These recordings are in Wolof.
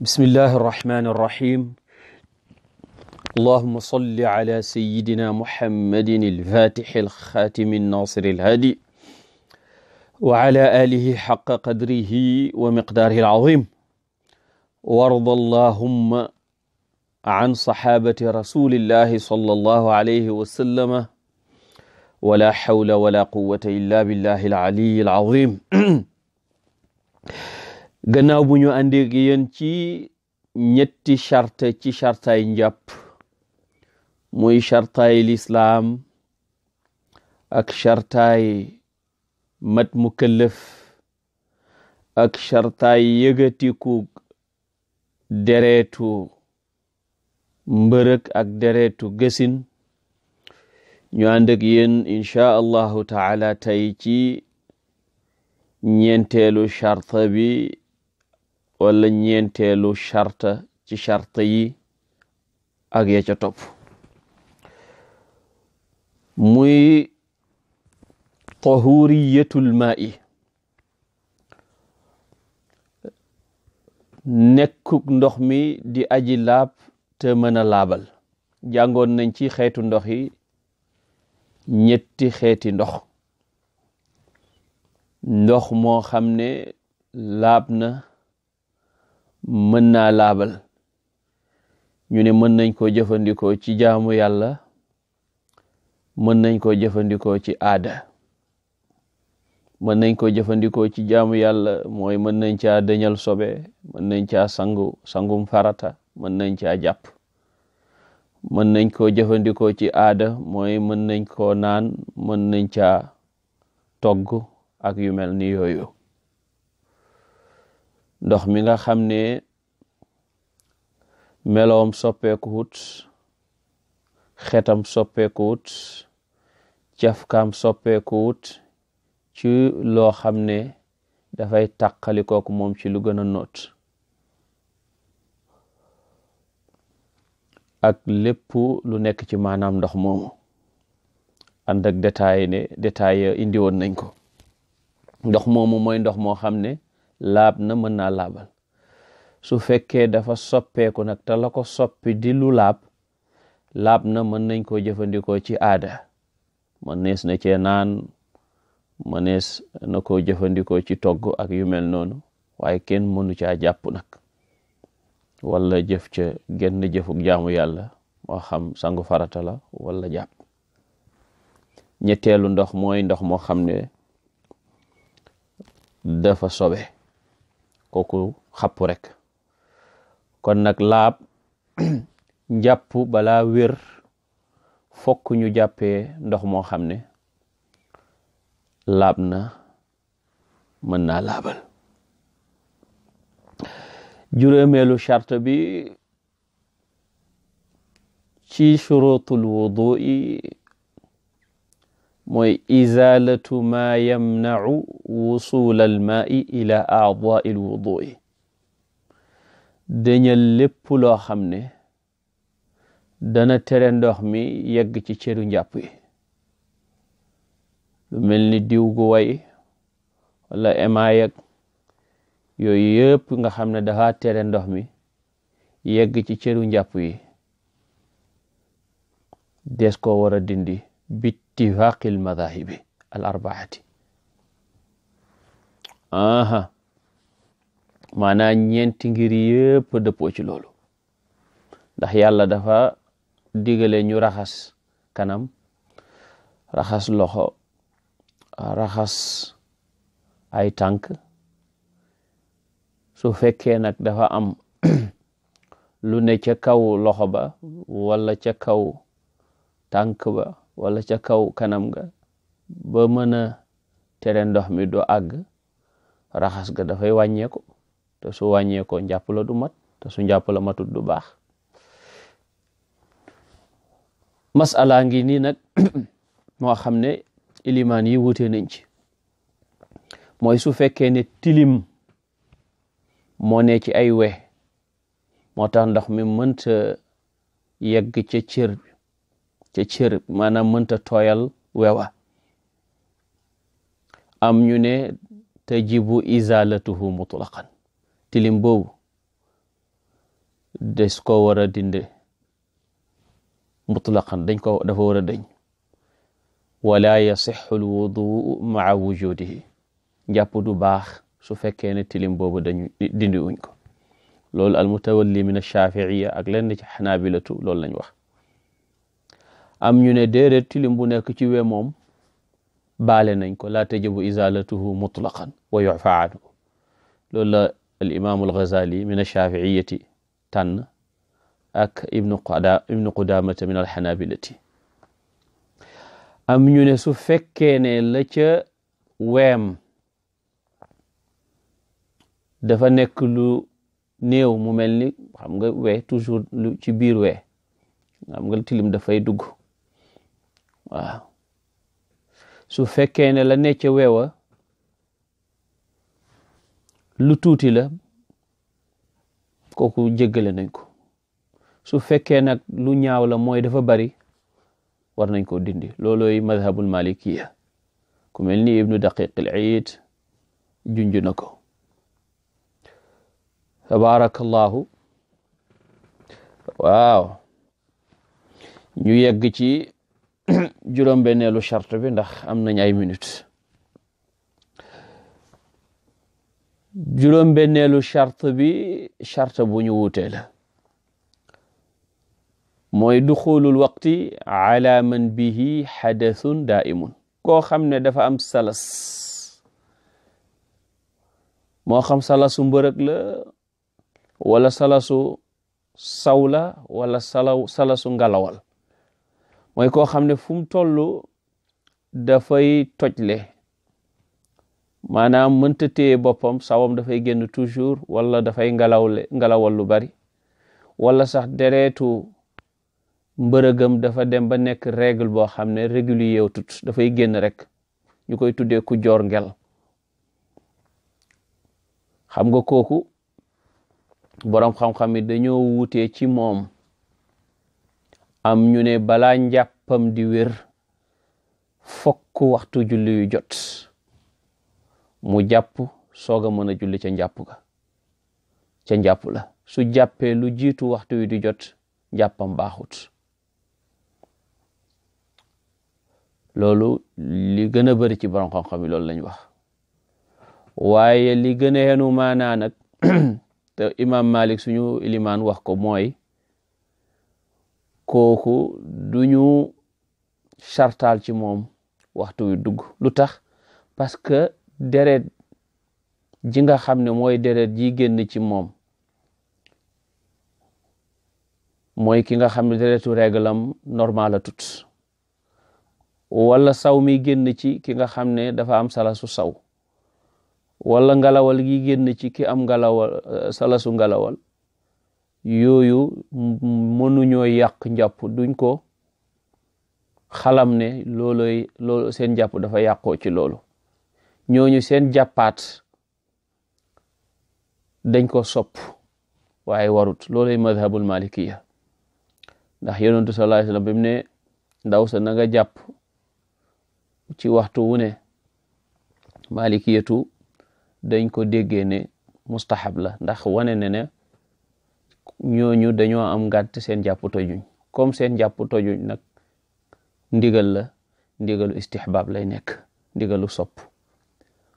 بسم الله الرحمن الرحيم اللهم صل على سيدنا محمد الفاتح الخاتم الناصر الهادي وعلى آله حق قدره ومقداره العظيم وارض اللهم عن صحابة رسول الله صلى الله عليه وسلم wala hawla wala quwwata illa billahi al-aliyyil azim gannaaw bu ñu àndee ak yéen ci ñetti charte ci chartaay njàpp moy chartaay lislaam ak chartaay mat mukallaf ak chartaay yëgatiku deretu mbërëk ak deretu gësin ñu ànd ak yéen inchaa taala tey ci ñeenteelu charta bi wala ñeenteelu charta ci charta yi ak ya ca topp muy tahuriyatul maa'i nekkuk ndox mi di aji laab te mën a laabal jàngoon nañ ci xeetu ndox yi ñetti xeeti ndox ndox moo xam ne laab na mën naa laabal ñu ne mën nañ koo jëfandikoo ci jaamu yàlla mën nañ koo jëfandikoo ci aada mën nañ koo jëfandikoo ci jaamu yàlla mooy mën nañ caa dañal sobe mën nañ caa sangu sangum farata mën nañ caa jàpp mën nañ koo jëfandikoo ci aada mooy mën nañ koo naan mën nañ caa togg ak yu mel ni yooyu ndox mi nga xam ne meloom soppeekuwut xetam soppeekuwut cafkaam soppeekuwut ci loo xam ne dafay tàqali kooku moom ci lu gën a noot ak lépp lu nekk ci maanaam ndox moomu ànd ak détail ne détail indi woon nañ ko ndox moomu mooy ndox moo xam ne laab na mën naa laabal su fekkee dafa soppeeku nag te la ko soppi di lu laab laab na mën nañ koo jëfandikoo ci aada mënees na cee naan mënees na ko jëfandikoo ci togg ak yu mel noonu waaye kenn mënu caa jàpp nag wala jëf ca genn jëfuk jaamu yàlla moo xam sangu farata la wala jàpp ñetteelu ndox mooy ndox moo xam ne dafa sobe kooku xapp rek kon nag laab jàpp bala wér fokk ñu jàppee ndox moo xam ne laab na mën naa laabal juróomeelu charte bi ci shurutul wudui mooy izalatu ma yamnau wusul almaai ila aadai lwudui dañal lépp loo xam ne dana tere ndox mi yegg ci cëru njàpp yi mel ni diw gu way wala ema yegg yooyu yëpp nga xam ne dafa tere ndox mi yegg ci cëru njàpp yi des ko war a dindi bittifaqil madahibi al arbaati aha maanaa ñeenti ngir yëpp dëppoo ci loolu ndax yàlla dafa digale ñu raxas kanam raxas loxo raxas ay tànk su fekkee nag dafa am lu ne ca kaw loxo ba walla ca kaw tànk ba wala ca kaw kanam ga ba mën a tere ndox mi doo àgg raxas ga dafay wàññeeku te su wàññeekoo njàpp la du mat te su njàpp matut du baax masala ngi nii nag moo xam ne ilimaan yi wute nañ ci mooy su fekkee ne tilim moo ne ci ay we moo tax ndox mi mënta yegg ca cër ca maanaam mënta toyal wewa am ñu ne tajibu izalatuhu mutlaqan tilim boobu des ko war a dinde dañ ko dafa war a dañ wala yasixu alwuduu maa wujudihi njàpp du baax su fekkee ne tilim boobu dañu dindi wuñ ko loolu almutawalli min ash-shafi'iyya ak lenn ci xanaabilatu loolu lañ wax am ñu ne déedéet tilim bu nekk ci we moom baale nañ ko laa tajibu izalatuhu mutlaqan wa yu'fa anhu loolu la al imaamu al ghazali min ash-shafi'iyyati tànn ak ibnu quda ibnu qudamata min alxanabilati am ñu ne su fekkee ne la ca weem dafa nekk lu néew mu mel ni xam nga we toujours lu ci biir we xam nga tilim dafay dugg waaw su fekkee ne la ne ca weewa lu tuuti la kooku jéggale nañ ko su fekkee nag lu ñaaw la mooy dafa bari war nañ koo dindi loolooy madhabul malikiya ku mel ni ibnu daqiq al iid na ko tabaarakallaahu waaw ñu yegg ci juróom-benneelu bi ndax am nañ ay minutes juróom-benneelu charte bi charte bu ñu wuutee la mooy duxulul waqti ala man bihi xadathun daimun koo xam ne dafa am salas moo xam salasu mbërëg la wala salasu sawla walla salaw salasu ngalawal mooy koo xam ne fu mu toll dafay tojle maanaam mënta téye boppam sawam dafay génn toujours wala dafay ngalawle ngalawal lu bari wala sax deretu mbërëgam dafa dem ba nekk règle boo xam ne régulier tut dafay génn rek ñu koy tuddee ku jor ngel xam nga kooku boroom xam-xam yi dañoo wutee ci moom am ñu ne balaa njàppam di wér fokk waxtu julli yu jot mu jàpp soog a mën a julli ca njàpp ga ca njàpp la su jàppee lu jiitu waxtu wi di jot njàppam baaxut loolu li gën a bëri ci borom xam-xam yi loolu lañ wax waaye li gën a te imam malik suñu limaan wax ko mooy kooku ñu sartaal ci moom waxtu wi dugg lu tax parce que deret ji nga xam ne mooy deret ji génn ci moom mooy ki nga xam ne deretu réglam normal la tut wala saw mi génn ci ki nga xam ne dafa am su saw wala ngalawal gi génn ci ki am ngalawal eh, salasu ngalawal yooyu mënuñoo yàq njàpp duñ ko xalam ne looloy loolu seen jàpp dafa yàqoo ci loolu ñooñu seen jàppaat dañ ko sopp waaye warut looloy madhabul malikiya ndax yonentu sallallahu alayhi wasallam ne ndaw sa nanga nga jàpp ci waxtu wu ne malikiyatu dañ ko déggee ne mustahab la ndax wane ne ne ñooñu dañoo am ngànt seen jàpp tojuñ comme seen jàpp tojuñ nag ndigal la ndigalu istihbab lay nekk ndigalu sopp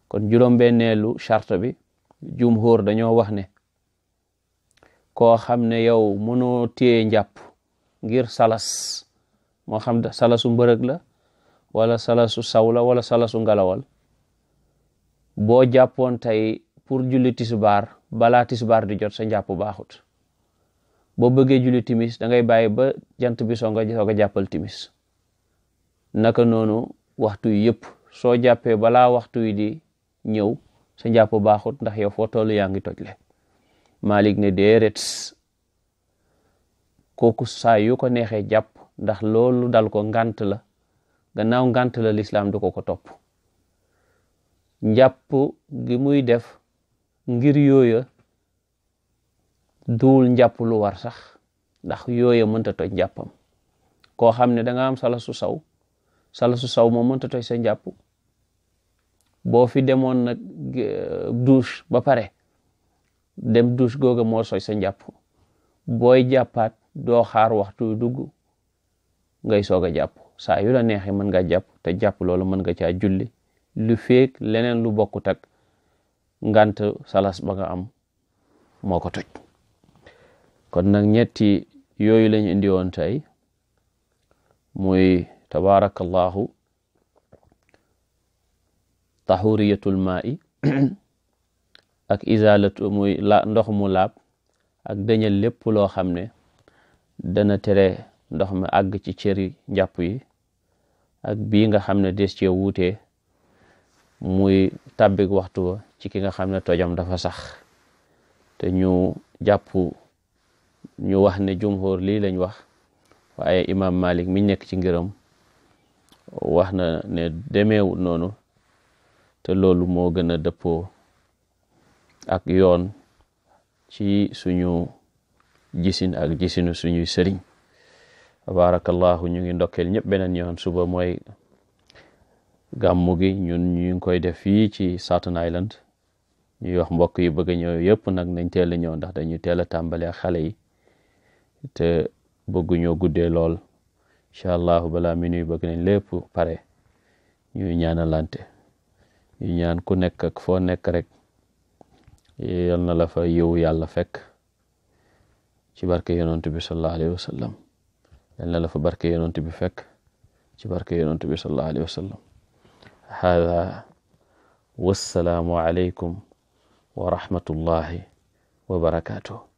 kon juróom-benneelu charte bi jumhur dañoo wax ne koo xam ne yow mënoo téye njàpp ngir salas moo xam salasu mbërëg la wala salasu saw la wala salasu ngalawal boo jàppoon tey pour julli tisbaar balaa tisbaar di jot sa njàpp baaxut boo bëggee julli timis da ngay bàyyi ba jant bi soo nga soog a jàppal timis naka noonu waxtu yi yëpp soo jàppee balaa waxtu yi di ñëw sa njàpp baaxut ndax yow foo toll yaa ngi toj le Malik ne déeret kooku saa yu ko neexee jàpp ndax loolu dal ko ngant la gannaaw ngant la lislaam du ko ko topp njàpp gi muy def ngir yooya duwul njàpp lu war sax ndax yooya mënta toj njàppam koo xam ne danga am sala su saw sala su saw moom mënta toj sa njàpp boo fi demoon nag douche ba pare dem douche googa moo soj sa njàpp booy jàppaat doo xaar waxtu dugg ngay soog a jàpp saa yu la neexee mën nga jàpp te jàpp loolu mën nga caa julli lu feeg leneen lu bokkut ak ngant salas ba nga am moo ko toj kon nag ñetti yooyu lañu indi woon tey muy tabarakallahu tahuriyatul ma'i ak izalatu muy ndox mu laab ak dañal lépp loo xam ne dana tere ndox mi àgg ci cëri njàpp yi ak bii nga xam ne des cee wuutee muy tàbbik waxtu wa ci ki nga xam ne tojam dafa sax te ñu jàpp ñu wax ne jumhur lii lañ wax waaye imam malik mi nekk ci ngiram wax na ne demeewul noonu te loolu moo gën a dëppoo ak yoon ci suñu gisin ak gisinu suñuy sëriñ tabarakallahu ñu ngi ndokkeel ñëpp beneen yoon suba mooy gàmmu gi ñun ñu ngi koy def fii ci Staten Island ñuy wax mbokk yi bëgg a ñëw yëpp nag nañ teel a ñëw ndax dañuy teel a tàmbale ak xale yi te bëgguñoo guddee lool incha allahu balaa mi nuy bëgg nañ lépp pare ñuy ñaanalante ñu ñaan ku nekk ak foo nekk rek yal na la fa yiwu yàlla fekk ci barke yonent bi sallallahu alayhi wa sallam yal na la fa barke yonent bi fekk ci barke yonent bi sallallahu alayhi wa sallam hada wassalaamu aleykum wa rahmatullahi wa barakaatuh